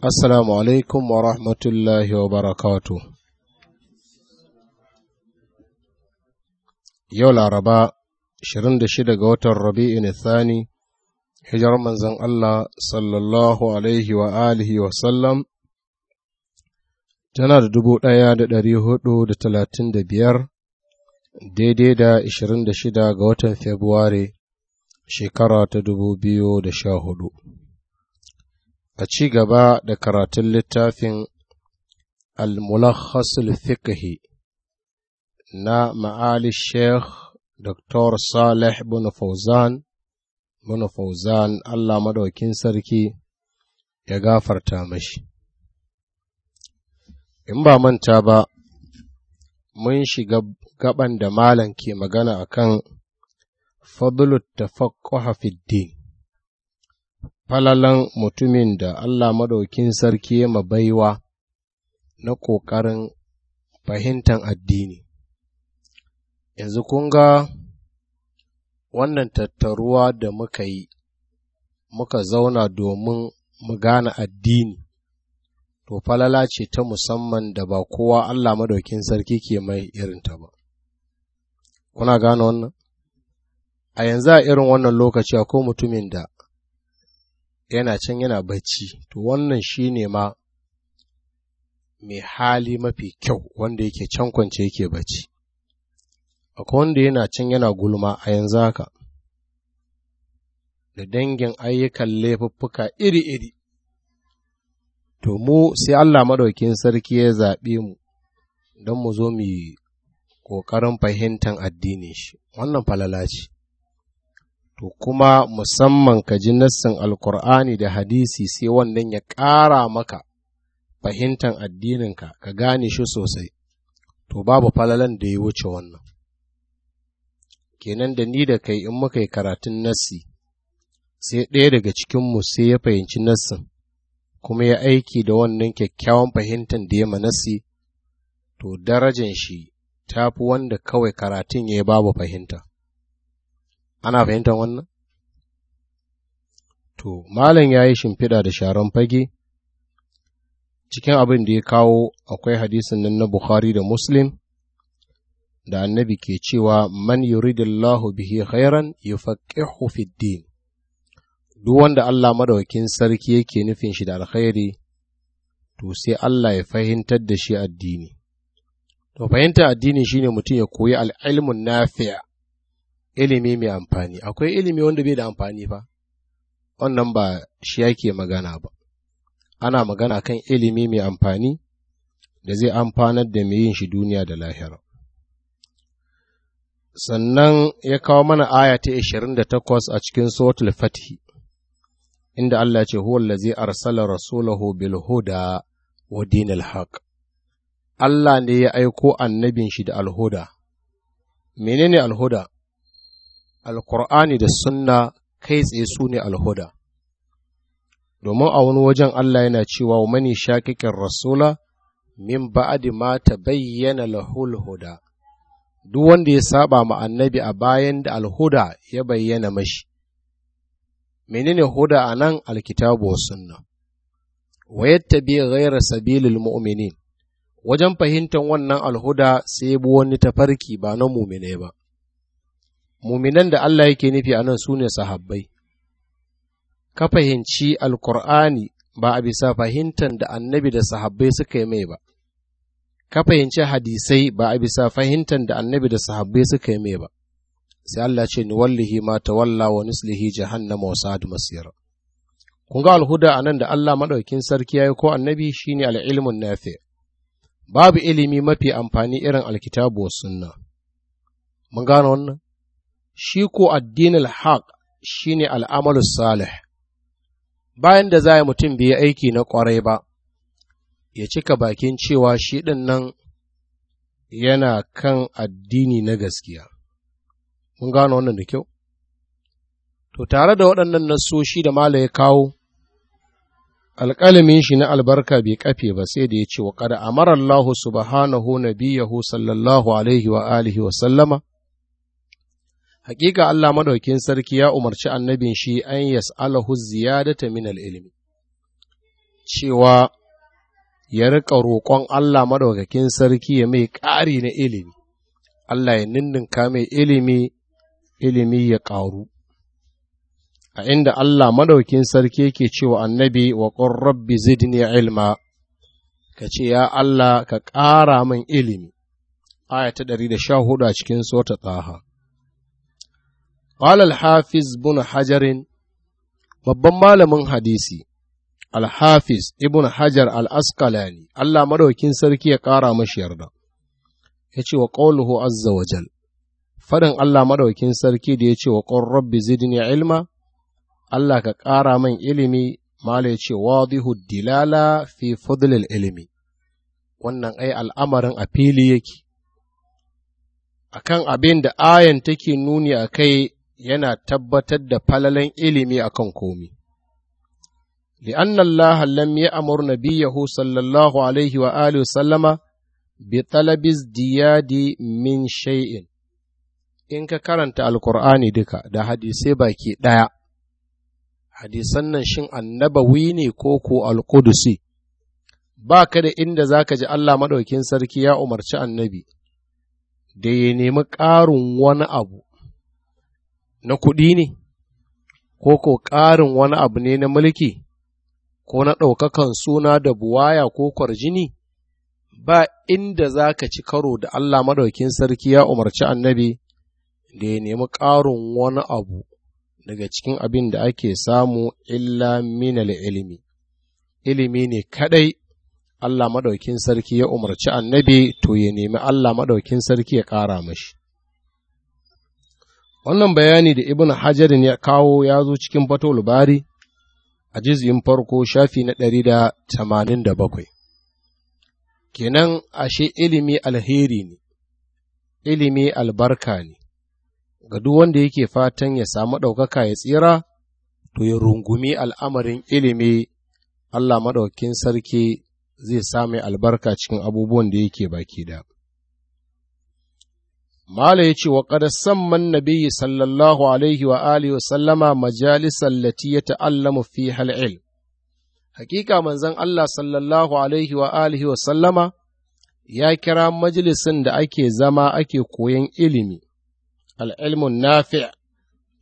Assalamu alaikum wa rahmatullahi wa barakatu. Yau Laraba, 26 ga watan Rabi'in Thani, hijar manzan Allah sallallahu Alaihi wa alihi wa sallam, tana da dubu ɗaya da ɗari hudu da talatin da biyar, daidai da 26 ga watan Fabrairu, shekara ta dubu biyu da sha hudu. a ci gaba da karatun littafin al-mulakhasul fiqhi na ma'ali sheikh dr salih bin fauzan bin fauzan allah madaukin sarki ya gafarta mashi in ba manta ba mun shiga gaban da malam ke magana akan fadlut tafaqquha fi din falalan mutumin da Allah maɗaukin sarki ya baiwa na ƙoƙarin fahimtar addini. Yanzu kun ga wannan tattaruwa da muka yi, muka zauna domin mu gane addini, to falala ce ta musamman da ba kowa Allah maɗaukin sarki ke mai irinta ba. Kuna gane wannan? A yanzu a irin wannan lokaci akwai mutumin da yana can yana bacci to wannan shi ne ma mai hali mafi kyau wanda yake can kwance yake bacci akwai wanda yana can yana gulma a yanzu haka da dangin ayyukan laifuffuka iri-iri to mu sai Allah madaukin sarki ya zaɓe mu don mu zo mu yi ƙoƙarin fahimtar addinin shi wannan falala ce to kuma musamman ka ji nassin alkur'ani da hadisi sai wannan ya ƙara maka fahimtar addininka ka gane shi sosai to babu falalan da ya wuce wannan kenan da ni da kai in muka yi karatun nassi sai ɗaya daga cikinmu sai ya fahimci nassin kuma ya aiki da wannan kyakkyawan fahimtar da ya manassi to darajan shi tafi wanda kawai karatun ya yi babu fahimta ana fahimtar wannan to malam ya yi shimfiɗa da sharon fage cikin abin da ya kawo akwai hadisin nan na bukhari da muslim da annabi ke cewa man yuridillahu bihi khairan yufaqihu fid din duk wanda Allah madawakin sarki yake nufin shi da alkhairi to sai Allah ya fahimtar da shi addini to fahimta addini shine mutum ya koyi al'ilmun nafi'a ilimi mai amfani akwai ilimi wanda bai da amfani ba wannan ba shi yake magana ba ana magana kan ilimi mai amfani da zai amfanar da mai yin shi duniya da lahira sannan ya kawo mana aya ta 28 a cikin suratul Fatihi, inda Allah ce huwa zai arsala rasulahu bil huda wa dinil haq Allah ne ya aiko annabin shi da alhuda menene alhuda Alƙur'ani da sunna kai tsaye su ne alhuda domin a wani wajen Allah yana cewa wa mani shakikin rasula min ba'adi ma ta bayyana lahul duk wanda ya saba ma annabi a bayan da alhuda ya bayyana mashi menene huda a nan alkitabu wa sunna wa yattabi ghayra sabilil mu'minin wajen fahimtar wannan alhuda sai bi wani tafarki ba na mumine ba muminan da Allah yake nufi a nan su ne sahabbai ka fahimci Alƙur'ani ba a bisa fahimtar da annabi da sahabbai suka yi mai ba ka fahimci hadisai ba a bisa fahimtar da annabi da sahabbai suka yi mai ba sai Allah ce ni wallahi ma ta walla wa nislihi jahannama wa sa'ad masira. kun ga alhuda nan da Allah maɗaukin sarki ya yi ko annabi ne al na nafi babu ilimi mafi amfani irin alkitabu wa sunna mun gano wannan shi ko addinin haq shi ne al'amalus salih bayan da za mutum biya aiki na ƙwarai ba ya cika bakin cewa shi ɗin nan yana kan addini na gaskiya mun gano wannan da kyau to tare da waɗannan nassoshi da mala ya kawo alƙalamin shi na albarka bai kafe ba sai da ya ce wa ƙada, amara Allah subhanahu nabiyahu sallallahu alaihi wa alihi wa sallama Hakika Allah maɗaukin sarki ya umarci annabin shi an yas'alahu ziyadata min al-ilmi cewa ya riƙa roƙon Allah maɗaukakin sarki ya mai ƙari na ilimi Allah ya ninninka mai ilimi ilimi ya ƙaru a inda Allah maɗaukin sarki yake cewa annabi wa qur rabbi zidni ilma ka ce ya Allah ka ƙara min ilimi aya ta 114 a cikin sota tsaha قال الحافظ بن حجر babban malamin hadisi alhafiz ibn hajar al-asqalani Allah maɗaukin sarki ya ƙara mashi yarda ya ce wa ƙauluhu azza wa jal faɗin Allah maɗaukin sarki da ya ce wa ƙon rabbi zidni ilma Allah ka ƙara man ilimi mala ya ce wadihu dilala fi fudlil ilimi wannan ai al'amarin a fili yake akan abin da ayan take nuni a kai yana tabbatar da falalan ilimi akan komi. لأن الله لم يأمر نبيه صلى الله عليه وآله وسلم بطلب ازدياد من شيء in ka karanta alkur'ani duka da hadisai baki ɗaya hadisan nan shin annabawi ne ko ko alƙudusi ba ka da inda za ka ji Allah maɗaukin sarki ya umarci annabi da ya nemi ƙarin wani abu na kuɗi ne, ko ko ƙarin wani abu ne na mulki, ko na ɗaukakan suna da buwaya ko kwarjini, ba inda za ka ci karo da Allah maɗaukin sarki ya umarci annabi da ya nemi ƙarin wani abu daga cikin abin da ake samu illa minal ilimi. Ilimi ne kaɗai Allah maɗaukin sarki ya umarci annabi to ya nemi Allah maɗaukin sarki ya ƙara mashi. Wannan bayani da Ibn Hajarin ya kawo ya zo cikin Fatul Bari a jizyin farko shafi na ɗari da tamanin da bakwai. Kenan ashe ilimi alheri ne, ilimi albarka ne, ga duk wanda yake fatan ya samu ɗaukaka ya tsira, to ya rungumi al'amarin ilimi Allah maɗaukin sarki zai sami albarka cikin abubuwan da yake baki da. Mala ya ce wa ƙada samman nabiyyi sallallahu alaihi wa alihi wa sallama majalisar lati ya ta'allamu fi hal'il. Hakika manzon Allah sallallahu alaihi wa alihi wa sallama ya kira majalisin da ake zama ake koyan ilimi, al'ilmun nafi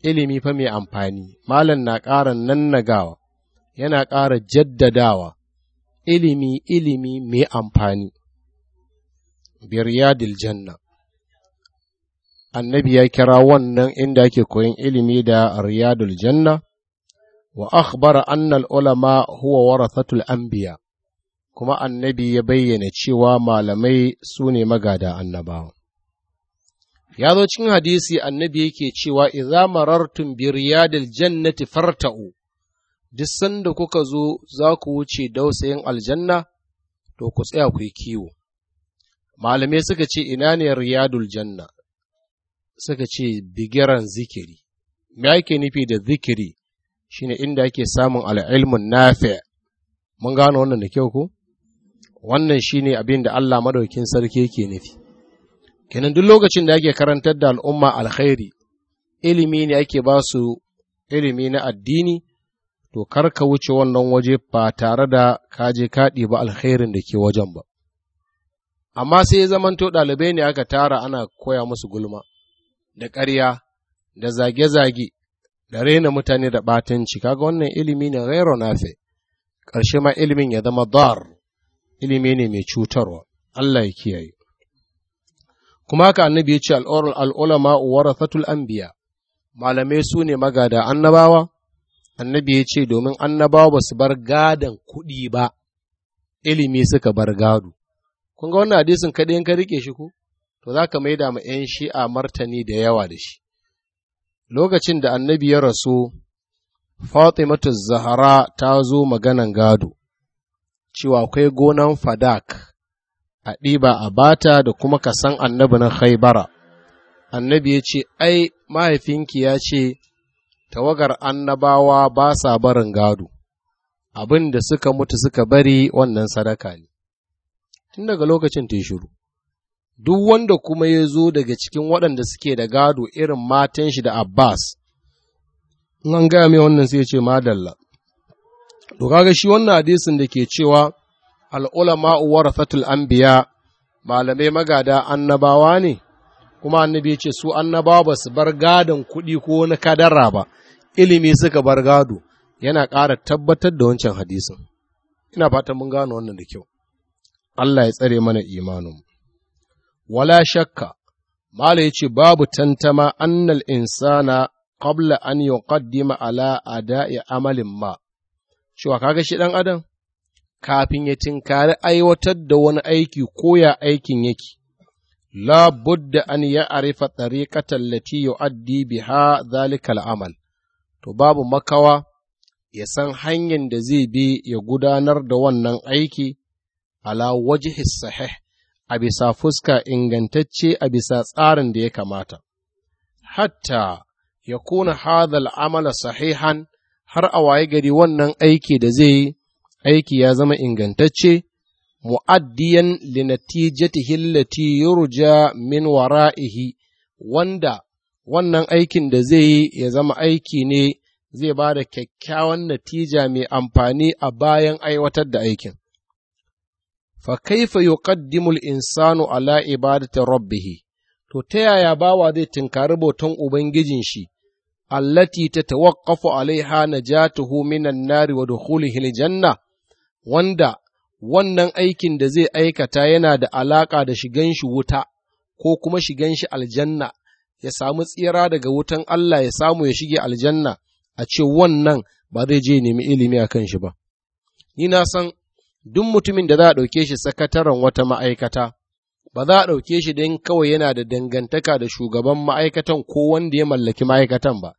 ilimi fa mai amfani, malam na ƙara nannagawa, yana ƙara jaddadawa, ilimi ilimi mai amfani. Biryadil janna. annabi ya kira wannan inda ake koyon ilimi da riyadul janna wa akhbara annal ulama huwa warathatul anbiya kuma annabi ya bayyana cewa malamai su ne magada annabawa ya zo cikin hadisi annabi yake cewa idza marartum bi riyadil jannati farta'u duk sanda kuka zo za ku wuce dausayin aljanna to ku tsaya ku yi kiwo malamai suka ce ina ne riyadul janna suka ce bigiran zikiri me ake nufi da zikiri shine inda ake samun al'ilmun nafi mun gano wannan da kyau ko wannan shine abin da Allah madaukin sarki yake nufi kenan duk lokacin da ake karantar da al'umma alkhairi ilimi ne ake ba su ilimi na addini to kar ka wuce wannan waje ba tare da ka kaɗi ba alkhairin da ke wajen ba amma sai zamanto ɗalibai ne aka tara ana koya musu gulma da ƙarya da zage-zage da raina mutane da batanci, kaga wannan ilimi ne gairo nafe ƙarshe ma ilimin ya zama dar ilimi ne mai cutarwa Allah ya kiyaye kuma ka annabi ya ce al'ulama warathatul anbiya malamai su ne magada annabawa annabi ya ce domin annabawa ba su bar gadon kuɗi ba ilimi suka bar gado kun ga wannan hadisin kaɗai in ka rike shi ko to za ka maida ma 'yan shi'a martani da yawa da shi lokacin da annabi ya rasu fatimatu zahara ta zo maganan gado cewa akwai gonan fadak a ɗiba a bata da kuma kasan annabi na haibara annabi ya ce ai mahaifinki ya ce tawagar annabawa ba sa barin gado abin da suka mutu suka bari wannan sadaka ne tun daga lokacin ta shuru. duk wanda kuma ya zo daga cikin waɗanda suke da gado irin matan shi da Abbas, nan gaya mai wannan sai ce madalla. To kaga shi wannan hadisin da ke cewa al'ulama an anbiya malamai magada annabawa ne, kuma annabi ce su annabawa ba su bar gadon kuɗi ko na kadara ba, ilimi suka bar gado, yana ƙara tabbatar da wancan hadisin. Ina fatan mun gano wannan da kyau. Allah ya tsare mana imanin. wala shakka, Mala ya ce babu tantama annal insana qabla an yuqaddima ala ada'i amalin ma, cewa kaga shi ɗan adam, kafin ya tinkari aiwatar da wani aiki ko ya aikin yake, la budda an ya arifa tariqatan lati yu'addi biha zalikal amal, to babu makawa ya san hanyar da zai bi ya gudanar da wannan aiki ala wajhi sahih a bisa fuska ingantacce a bisa tsarin da ya kamata, hatta ya kuna hadal amala sahihan har a waye gari wannan aiki da zai yi, aiki ya zama ingantacce, mu'addiyan linatijati hillati yurja min wara'ihi wanda wannan aikin da zai yi ya zama aiki ne zai ba da kyakkyawan natija mai amfani a bayan aiwatar da aikin. fa kaifa yuqaddimu al-insanu ala ibadati rabbih to ta yaya bawa zai tinkari bautan ubangijin shi allati tatawaqqafu alaiha najatuhu minan nari wa dukhulihi hil janna wanda wannan aikin da zai aikata yana da alaƙa da shigan shi wuta ko kuma shigan shi aljanna ya samu tsira daga wutan Allah ya samu ya shige aljanna a ce wannan ba zai je nemi ilimi a kan shi ba. Ni na san duk mutumin da za a ɗauke shi sakataren wata ma'aikata, ba za a ɗauke shi don kawai yana da dangantaka da shugaban ma'aikatan ko wanda ya mallaki ma'aikatan ba,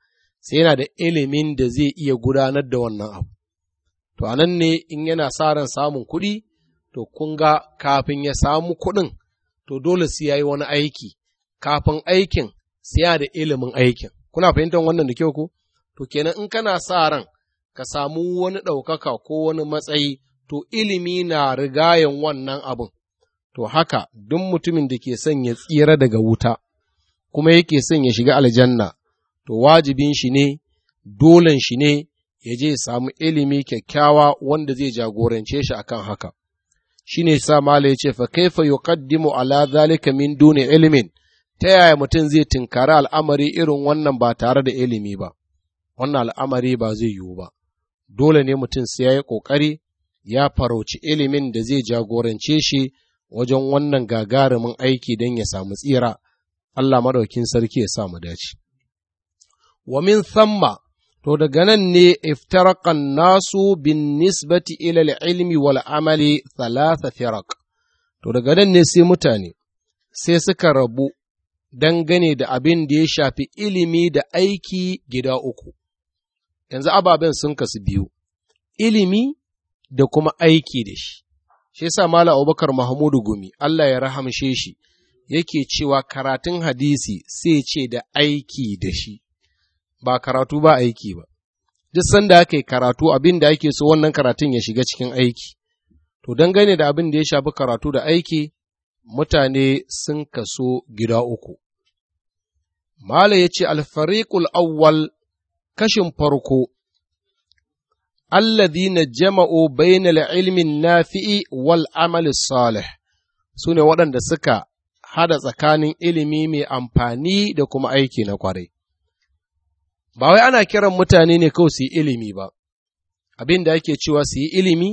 sai yana da ilimin da zai iya gudanar da wannan abu. To, a nan ne in yana sa ran samun kuɗi, to kun ga kafin ya samu kuɗin, to dole sai ya yi wani aiki, kafin aikin sai ya da ilimin aikin. Kuna fahimtar wannan da kyau ku? To, kenan in kana sa ran ka samu wani ɗaukaka ko wani matsayi, to ilimi na rigayen wannan abin, to haka duk mutumin da ke son ya tsira daga wuta, kuma yake son ya shiga aljanna, to wajibin shi ne, dolen shi ne, ya je samu ilimi kyakkyawa wanda zai jagorance shi akan haka. Shi ne sa Mala ya ce, fa kaifa yuqaddimu ala zalika min duni ilimin, ta yaya mutum zai tinkari al'amari irin wannan ba tare da ilimi ba, wannan al'amari ba zai yiwu ba, dole ne mutum sai ya yi ƙoƙari ya farauci ilimin da zai jagorance shi wajen wannan gagarumin aiki don ya samu tsira, Allah maɗaukin sarki ya samu dace. Wa min thamma, to daga nan ne iftarakan nasu bin nisbati ilal ilmi wal amali thalatha firak. To daga nan ne sai mutane, sai suka rabu dangane da abin da ya shafi ilimi da aiki gida uku. Yanzu ababen sun kasu biyu, ilimi da kuma aiki da shi shi yasa mala abubakar mahmudu gumi Allah ya rahamshe shi yake cewa karatun hadisi sai ce da aiki da shi ba karatu ba aiki ba duk sanda aka yi karatu abin da ake so wannan karatun ya shiga cikin aiki to dangane da abin da ya shafi karatu da aiki mutane sun kaso gida uku Mala ya ce alfariƙul awwal kashin farko alladhina jama'u bainal ilmin nafi'i wal amali salih su ne waɗanda suka hada tsakanin ilimi mai amfani da kuma aiki na kwarai. Ba wai ana kiran mutane ne kawai su yi ilimi ba, abin da ake cewa su yi ilimi,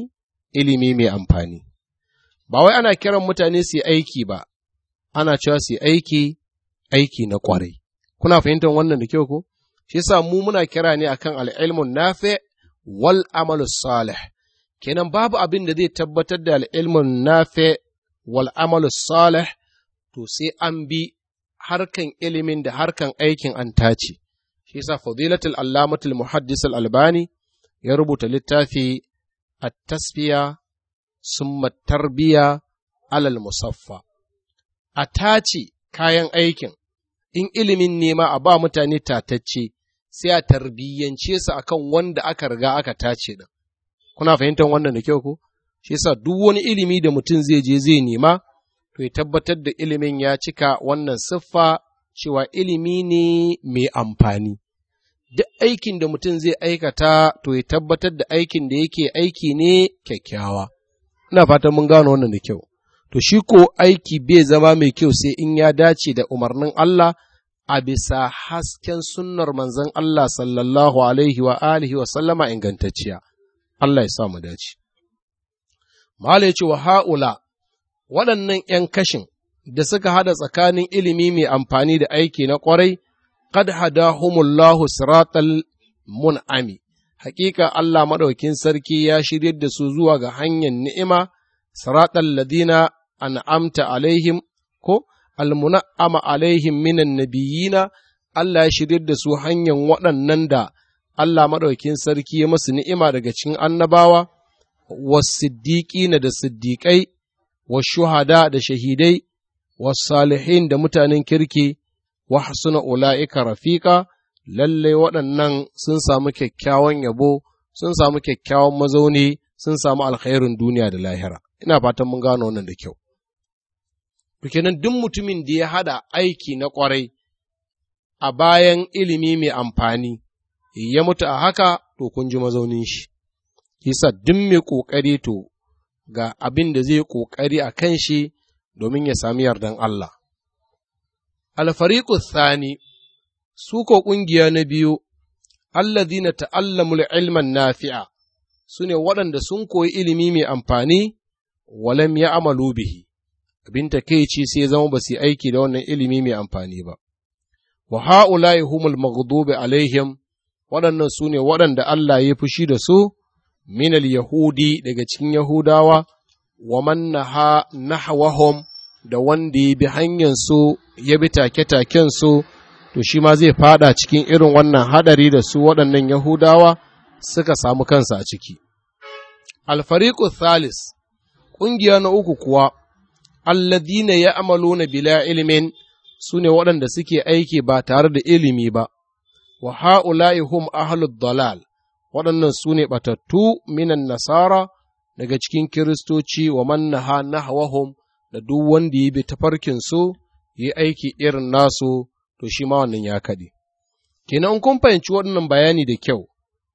ilimi mai amfani. Ba wai ana kiran mutane su yi aiki ba, ana cewa su yi aiki, aiki na kwarai. Kuna fahimtar wannan da kyau ko? Shi sa mu muna kira ne akan al'ilmun nafi' wal amalu salih kenan babu abin da zai tabbatar da al'ilmin nafe wal amalu salih to sai an bi harkan ilimin da harkan aikin an tace shi sa fadilatul allamatul muhaddis albani ya rubuta littafi a tasfiya summa tarbiya alal musaffa a tace kayan aikin in ilimin nema a ba mutane tatacce sai a tarbiyyance su akan wanda aka riga aka tace din kuna fahimtar wannan da kyau ko shi yasa duk wani ilimi da mutum zai je zai nema to ya tabbatar da ilimin ya cika wannan siffa cewa ilimi ne mai amfani duk aikin da mutum zai aikata to ya tabbatar da aikin da yake aiki ne kyakkyawa ina fatan mun gano wannan da kyau to shi ko aiki bai zama mai kyau sai in ya dace da umarnin Allah a bisa hasken sunnar manzon Allah sallallahu alaihi wa alihi wa sallama ingantacciya Allah ya sa mu dace Mala ce wa ha'ula waɗannan ‘yan kashin da suka hada tsakanin ilimi mai amfani da aiki na ƙwarai, kad hadahumullahu siratal mun'ami, hakika Allah maɗaukin sarki ya shiryar da su zuwa ga hanyar ni'ima, siratal ladina an'amta alaihim ko almuna'ama alaihim minan nabiyina Allah ya shirya da su hanyar waɗannan da Allah maɗaukin sarki ya masu ni'ima daga cikin annabawa, wasiddiƙina da siddiƙai, shuhada da shahidai, salihin da mutanen kirki, wa hasuna ula'ika rafiƙa, lallai waɗannan sun samu kyakkyawan yabo, sun samu kyakkyawan mazauni, sun samu alkhairin duniya da lahira. Ina fatan mun gano wannan da kyau. To kenan duk mutumin da ya hada aiki na ƙwarai a bayan ilimi mai amfani, ya mutu a haka to kun ji mazaunin shi. Kisa duk mai ƙoƙari to ga abin da zai ƙoƙari a kan shi domin ya sami yardan Allah. Alfariƙu Sani, su ko ƙungiya na biyu, allazina ta'allamul ilman nafi'a, su ne waɗanda sun koyi ilimi mai amfani, walam ya amalu bihi, abin takeici sai zama ba su aiki da wannan ilimi mai amfani ba wa ha'ula'i humul maghdubi alaihim waɗannan su ne waɗanda Allah ya fushi da su minal yahudi daga cikin yahudawa wa man naha da wanda ya bi hanyar su ya bi take-taken su to shi ma zai faɗa cikin irin wannan haɗari da su waɗannan yahudawa suka samu kansa a ciki alfariqu thalis ƙungiya na uku kuwa alladina ya amaluna bila ilimin su ne waɗanda suke aiki ba tare da ilimi ba, wa ha'ula'i hum dalal, waɗannan su ne ɓatattu minan nasara daga cikin kiristoci wa mannaha hum da duk wanda ya bi su yi aiki irin nasu to shi ma wannan ya kaɗe. Kenan kun fahimci waɗannan bayani da kyau,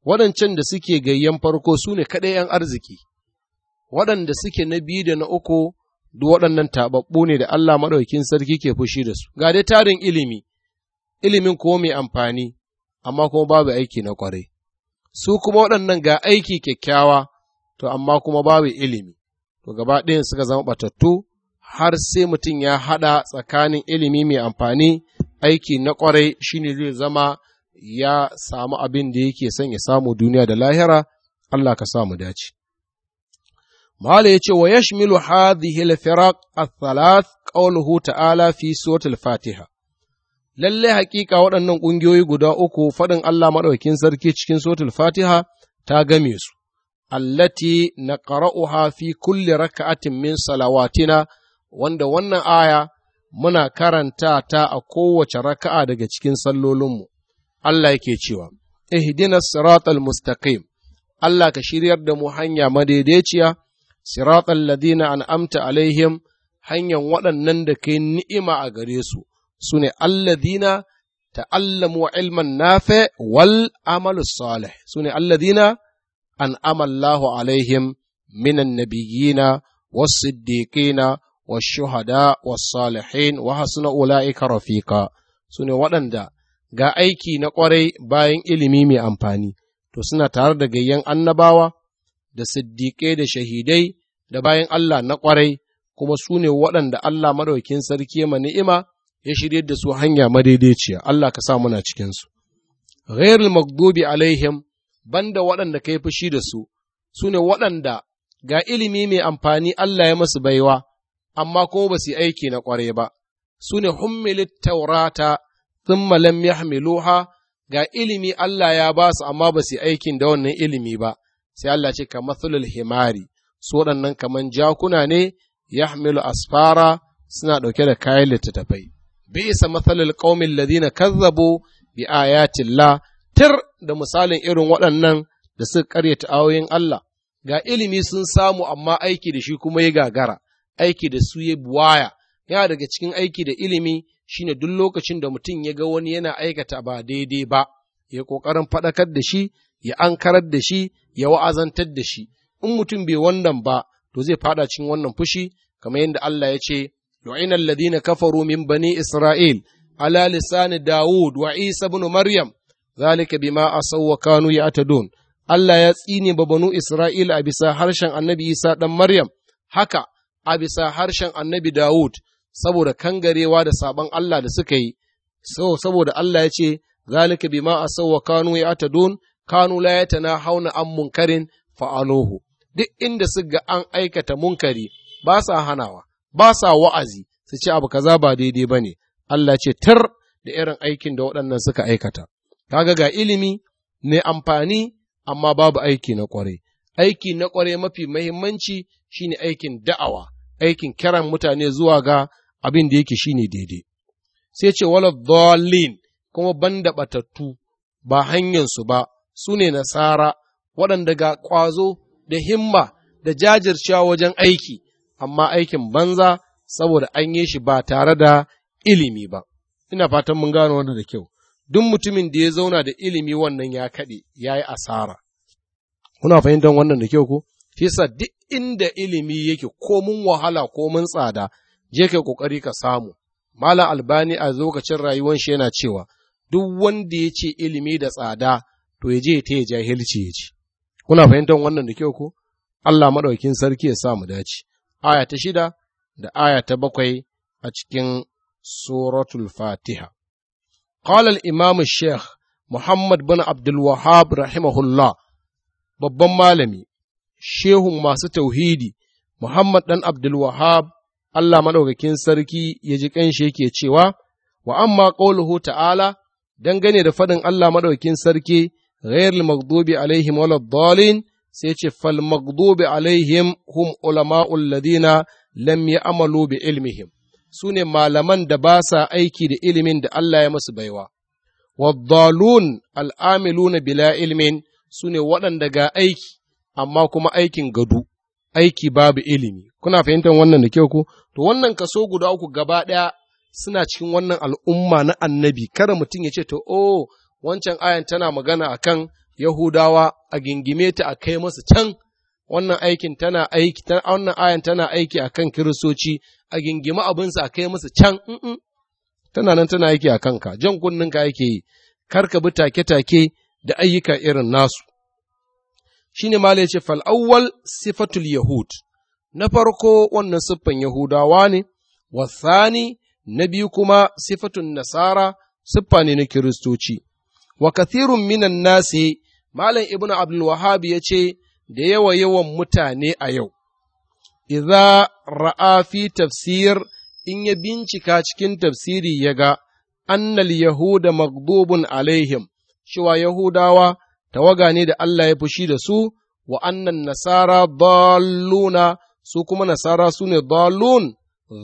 waɗancan da suke gayyan farko su ne kaɗai ‘yan arziki, waɗanda suke na biyu da na uku duk waɗannan taɓaɓɓu ne da Allah maɗaukin sarki ke fushi da su, ga dai tarin ilimi, ilimin kuma mai amfani, amma kuma babu aiki na ƙwarai. Su kuma waɗannan ga aiki kyakkyawa, to amma kuma babu ilimi, to gaba ɗayan suka zama ɓatattu har sai mutum ya haɗa tsakanin ilimi mai amfani, aiki na ƙwarai shi ne zai zama ya samu abin da yake son ya samu duniya da lahira, Allah ka samu dace. Mala ya ce wa yashmilu hadhihi al-firaq ath-thalath qawluhu ta'ala fi suratul Fatiha. Lalle hakika waɗannan ƙungiyoyi guda uku faɗin Allah maɗaukin sarki cikin suratul Fatiha ta game su. Allati naqra'uha fi kulli raka'atin min salawatina wanda wannan aya muna karanta ta a kowace raka'a daga cikin sallolinmu. Allah yake cewa, Ihdinas siratal mustaqim, Allah ka shiryar da mu hanya madaidaiciya siratal ladina amta alaihim hanyar waɗannan da yi ni'ima a gare su su sune alladina ta'allamu ilman nafi wal amalu salih Allah alladina an amallahu alaihim minan nabiyina was-siddiqina wasu shuhada was-salihin wa hasuna ulaika rafiqa ne waɗanda ga aiki na ƙwarai bayan ilimi mai amfani to suna tare da gayyan annabawa da siddiƙai da shahidai da bayan Allah na ƙwarai kuma su ne waɗanda Allah maɗaukin sarki ma ni'ima ya shirye da su hanya madaidaiciya Allah ka sa muna cikinsu. Ghairul magdubi alaihim banda waɗanda ka yi fushi da su, su ne waɗanda ga ilimi mai amfani Allah ya masu baiwa, amma kuma ba su aiki na ƙwarai ba, su ne hummilit taurata ga ilimi Allah ya ba su amma ba su aikin da wannan ilimi ba, sai Allah ce ka matsalar himari, su waɗannan kaman jakuna ne yahmilu asfara suna ɗauke da kayan littattafai bi isa matsalar ƙaumin ladina kazzabo bi tilla. tir da misalin irin waɗannan da suka karyata ayoyin Allah ga ilimi sun samu amma aiki da shi kuma ya gagara aiki da su ya buwaya yana daga cikin aiki da ilimi shine duk lokacin da mutum ya ga wani yana aikata ba daidai ba ya ƙoƙarin faɗakar da shi ya ankarar da shi ya wa'azantar da shi in mutum bai wannan ba to zai fada cikin wannan fushi kamar yadda Allah ya ce yu'ina alladhina kafaru min bani isra'il ala lisani daud wa isa ibn maryam zalika bima asaw wa kanu ya'tadun Allah ya tsine ba banu isra'il a bisa harshen annabi isa dan maryam haka a bisa harshen annabi Dawud, saboda kangarewa da sabon Allah da suka yi saboda Allah ya ce zalika bima asaw wa kanu ya'tadun kanu la yatana hauna an munkarin fa'aluhu duk inda su ga an aikata munkari ba sa hanawa ba sa wa'azi su ce abu kaza ba daidai ba ne Allah ce tar da irin aikin da waɗannan suka aikata kaga ga ilimi mai amfani amma babu aiki na ƙwarai aiki na ƙwarai mafi mahimmanci shine aikin da'awa aikin kiran mutane zuwa ga abin da yake shine daidai sai ce wala dhalin kuma banda batattu ba hanyarsu ba su ne nasara waɗanda ga ƙwazo da himma da jajircewa wajen aiki, amma aikin banza saboda an yi shi ba tare da ilimi ba. Ina fatan mun gano wannan da kyau. Duk mutumin da ya zauna da ilimi wannan ya kaɗe, ya yi asara. Kuna fahimtar wannan da kyau ko? Fisa duk inda ilimi yake ko mun wahala ko mun tsada, je kai ƙoƙari ka samu. Malam Albani a lokacin rayuwar shi yana cewa, duk wanda ya ce ilimi da tsada, to ya je ta jahilci ya ce. kuna fahimtar wannan da kyau ko Allah madaukin sarki ya sa mu dace aya ta shida da aya ta bakwai a cikin suratul fatiha qala al imam sheikh muhammad bin abdul wahhab rahimahullah babban malami shehun masu tauhidi muhammad dan abdul wahhab Allah madaukakin sarki ya ji kanshi yake cewa wa amma qawluhu ta'ala dangane da faɗin Allah madaukakin sarki ghairil maghdubi alaihim waladdallin sai ce fal maghdubi alaihim hum ulama'ul ladina lam ya'malu bi ilmihim sune malaman da ba sa aiki da ilimin da Allah ya masu baiwa waddalun al'amiluna bila ilmin sune waɗanda ga aiki amma kuma aikin gadu aiki babu ilimi kuna fahimtar wannan da kyau ko to wannan kaso guda uku gaba ɗaya suna cikin wannan al'umma na annabi kada mutum ya ce to o wancan ayan tana magana akan Yahudawa a gingime ta a kai masu can wannan aikin tana aiki wannan ayan tana aiki akan kiristoci a gingima abinsa a kai masu can tana nan tana aiki a kanka jan kunninka yake yi kar ka bi take-take da ayyuka irin nasu Shi ne yace ce fal’awwal sifatul yahud na farko wannan siffan yahudawa ne wasani na biyu kuma sifatun nasara siffa ne na kiristoci wa kathirun minan nasi malam ibnu abdul wahhab ya ce da yawa yawan mutane a yau idza ra'a fi tafsir in ya bincika cikin tafsiri ya ga annal yahuda maghdubun alaihim shiwa yahudawa tawaga ne da Allah ya fushi da su wa annan nasara dalluna su kuma nasara sune ne dallun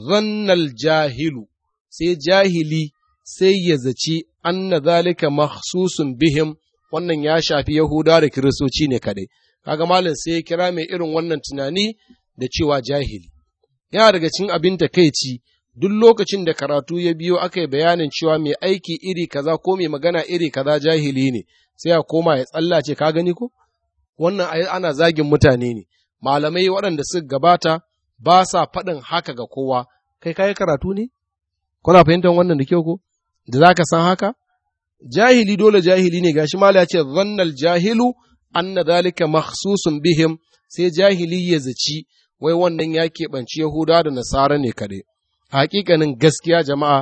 zannal jahilu sai jahili sai ya zaci anna zalika mahsusun bihim wannan ya shafi yahuda da kiristoci ne kadai kaga malam sai ya kira mai irin wannan tunani da cewa jahili yana daga cikin abin takeici duk lokacin da karatu ya biyo aka yi bayanin cewa mai aiki iri kaza ko mai magana iri kaza jahili ne sai a koma ya tsallace ka gani ko wannan ana zagin mutane ne malamai waɗanda suka gabata ba sa faɗin haka ga kowa kai kayi karatu ne kuna fahimtar wannan da kyau ko da za ka san haka? Jahili dole jahili ne gashi mala ya ce zannal jahilu anna zalika mahsusun bihim sai jahili ya zaci wai wannan ya keɓanci Yahuda da Nasara ne kaɗai. Hakikanin gaskiya jama'a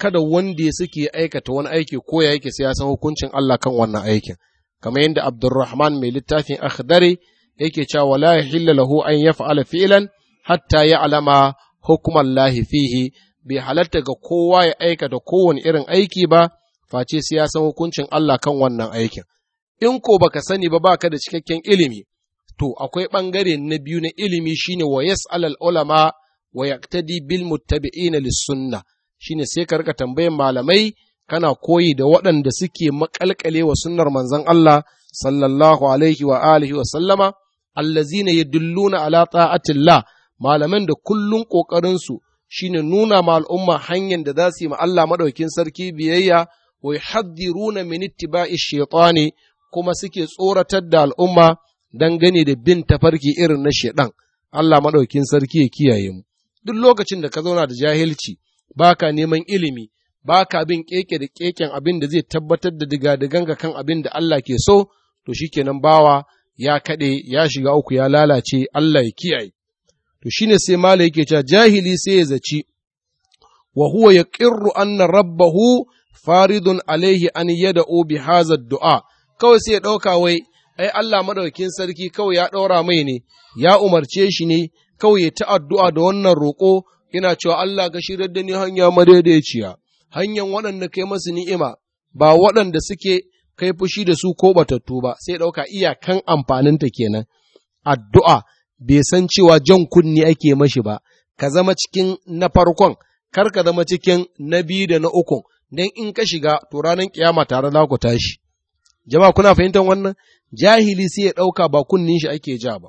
kada wanda suke aikata wani aiki ko ya yake sai ya san hukuncin Allah kan wannan aikin. Kamar yadda abdurrahman mai littafin akhdari yake cewa la yahilla lahu an fa’ala fi'lan hatta ya alama hukumar lahifihi bai halatta ga kowa ya aikata kowane irin aiki ba face sai ya san hukuncin Allah kan wannan aikin in ko baka sani ba baka da cikakken ilimi to akwai ɓangare na biyu na ilimi shine wa alal ulama wa yaqtadi bil muttabi'ina lis sunna shine sai ka rika tambayan malamai kana koyi da waɗanda suke makalkale wa sunnar manzon Allah sallallahu alaihi wa alihi wa sallama allazina yadulluna ala ta'atillah malaman da kullun ƙoƙarinsu. Shi ne nuna ma al'umma hanyar da za su yi ma Allah maɗaukin sarki biyayya wai haddi, runa minitti bai shaytani kuma suke tsoratar da al'umma don gani da bin tafarki irin na shaɗan Allah maɗaukin sarki ya kiyaye mu duk lokacin da ka zauna da jahilci ba ka neman ilimi ba ka bin keke da keken abin da zai tabbatar da diga-diganga kan abin da Allah ke so to shi shikenan bawa ya kaɗe ya shiga uku ya lalace Allah ya kiyaye to shine sai mala yake cewa jahili sai ya zaci wa huwa yaqirru anna rabbahu faridun alaihi an yada'u bi hadha du'a kawai sai ya ɗauka wai ai Allah maɗaukin sarki kawai ya daura mai ne ya umarce shi ne kawai ya ta addu'a da wannan roƙo ina cewa Allah ga shirar da ni hanya madaidaiciya hanyar waɗanda kai masu ni'ima ba waɗanda suke kai fushi da su ko batattu ba sai ɗauka iyakan amfaninta kenan addu'a bai san cewa jan kunni ake mashi ba, ka zama cikin na farkon, kar ka zama cikin na biyu da na ukun, don in ka shiga to ranar kiyama tare za ku tashi. Jama'a kuna fahimtar wannan? Jahili sai ya ɗauka ba kunnin shi ake ja ba.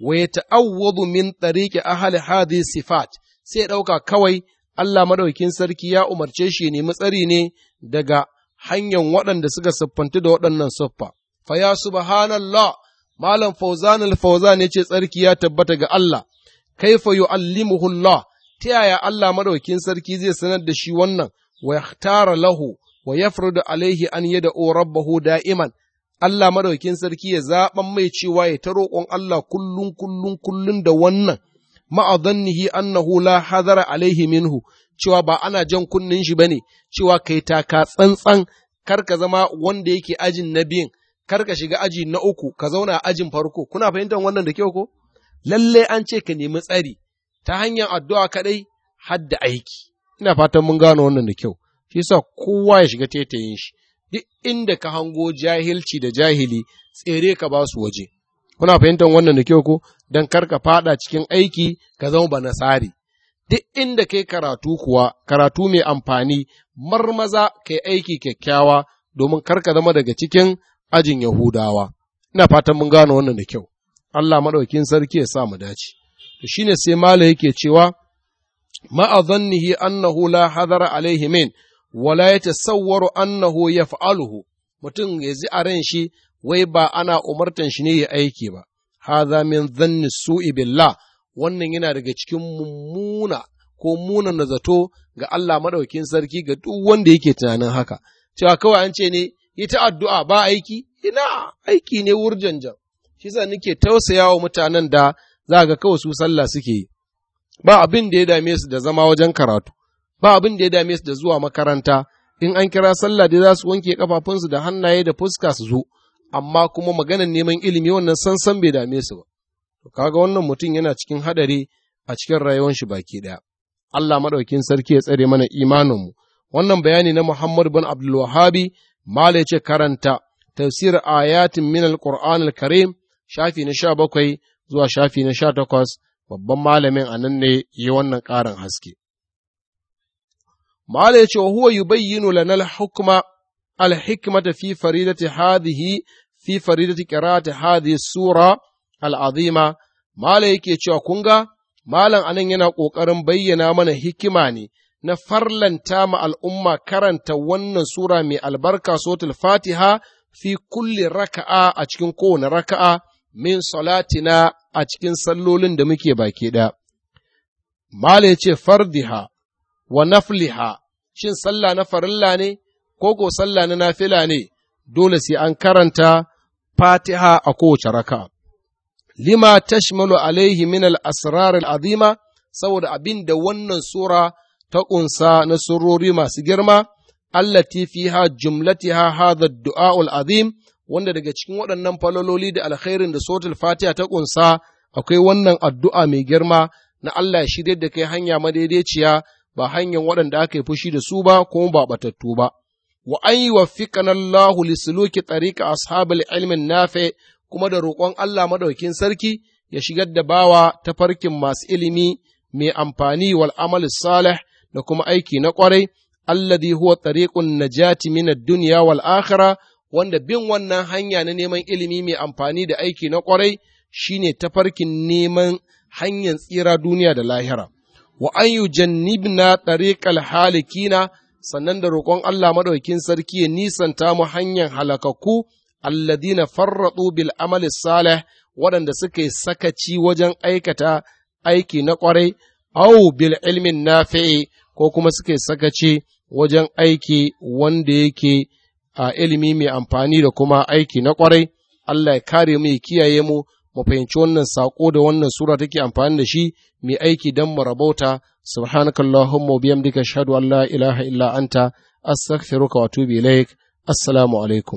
Wa ya ta'awwadu min tariqi ahli hadhihi sifat sai ya ɗauka kawai Allah maɗaukin sarki ya umarce shi ne matsari ne daga hanyar waɗanda suka siffanti da waɗannan siffa. Fa ya subhanallah Malam Fauzan al-Fauzan ya ce tsarki ya tabbata ga Allah, kaifa yu'allimuhu Allah, ta yaya Allah madaukin sarki zai sanar da shi wannan, wa yahtara lahu, wa yafrudu alaihi an da rabbahu da'iman, Allah madaukin sarki ya zaɓan mai cewa ya ta roƙon Allah kullun kullum kullun da wannan, ma'adannihi annahu la hadara alaihi minhu, cewa ba ana jan kunnin shi bane, cewa kai taka tsantsan kar ka zama wanda yake ajin na biyun kar ka shiga aji na uku ka zauna ajin farko kuna fahimtar wannan da kyau ko lalle an ce ka nemi tsari ta hanyar addu'a kaɗai, har aiki ina fatan mun gano wannan da kyau shi yasa kowa ya shiga tetayin shi duk inda ka hango jahilci da jahili tsere ka ba su waje kuna fahimtar wannan da kyau ko dan kar ka fada cikin aiki ka zama ba nasari duk inda kai karatu kuwa karatu mai amfani marmaza kai aiki kyakkyawa domin kar ka zama daga cikin ajin Yahudawa, ina fatan mun gano wannan da kyau, Allah maɗaukin sarki ya sa mu dace. To shine sai Malam yake cewa, ma'azannihi annahu la hadara alaihi min, wala ya tasawwaru annahu ya fa'aluhu, mutum ya ji a ran shi wai ba ana umartan shi ne ya aiki ba, haza min zanni su'i billah, wannan yana daga cikin mummuna ko munana zato ga Allah maɗaukin sarki ga duk wanda yake tunanin haka. Cewa kawai an ce ne yi ta addu'a ba aiki, ina aiki ne wurjanjan, shi sa nake tausaya wa mutanen da za ga kawai su sallah suke yi, ba abin da ya dame su da zama wajen karatu, ba abin da ya dame su da zuwa makaranta, in an kira sallah da za su wanke kafafunsu da hannaye da fuska su zo, amma kuma maganar neman ilimi wannan sansan bai dame su ba. Kaga wannan mutum yana cikin haɗari a cikin rayuwar shi baki ɗaya. Allah maɗaukin sarki ya tsare mana imaninmu. Wannan bayani na Muhammad bin Abdul Wahabi ya ce karanta tafsir ayatin min al-Qur'an al-karim shafi na sha bakwai zuwa shafi na sha takwas babban malamin anan ne yi wannan ƙarin haske. Mala ya ce wa huwa yubayyinu lana al-hukma al-hikmata fi faridati hadhihi fi faridati qira'ati hadhihi sura al-azima Male yake cewa kunga malam anan yana ƙoƙarin bayyana mana hikima ne na farlanta ma al'umma karanta wannan sura mai albarka sotul fatiha fi kulli raka'a a cikin kowane raka'a min salatina a cikin sallolin da muke baki ɗaya. Mala ya ce fardiha wa nafliha, shin sallah na farilla ne, ko ko sallah na nafila ne, dole sai an karanta fatiha a kowace raka'a. Lima tashmalu alaihi min al-asrar azima saboda abin da wannan sura ta ƙunsa na surori masu girma, Allah fi allati ha ha da du'a'ul azim wanda daga cikin waɗannan falololi da alkhairin da sotul fatiha ta ƙunsa akwai wannan addu'a mai girma na Allah ya shirya da kai hanya madaidaiciya ba hanyar waɗanda aka yi fushi da su ba kuma ba batattu ba. Wa an yi wa Allahu li suluki ashabul ilmin nafe kuma da roƙon Allah madaukin sarki ya shigar da bawa ta farkin masu ilimi mai amfani wal amal salih da kuma aiki na ƙwarai, alladhi huwa tariqun najati min ad-dunya wal akhirah wanda bin wannan hanya na neman ilimi mai amfani da aiki na ƙwarai shine tafarkin neman hanyar tsira duniya da lahira. Wa an yujannibna tariqal halikina sannan da roƙon Allah maɗaukin sarki ya nisanta mu hanyar halakakku na farraɗu bil amali salih waɗanda suka yi sakaci wajen aikata aiki na ƙwarai au bil ilmin nafi'i ko kuma suke sakaci wajen aiki wanda yake a ilimi mai amfani da kuma aiki na kwarai Allah ya kare mu ya kiyaye mu mu fahimci wannan sako da wannan sura take amfani da shi mai aiki dan mu rabauta subhanakallahumma wa bihamdika ashhadu an la ilaha illa anta astaghfiruka wa atubu ilaik assalamu alaikum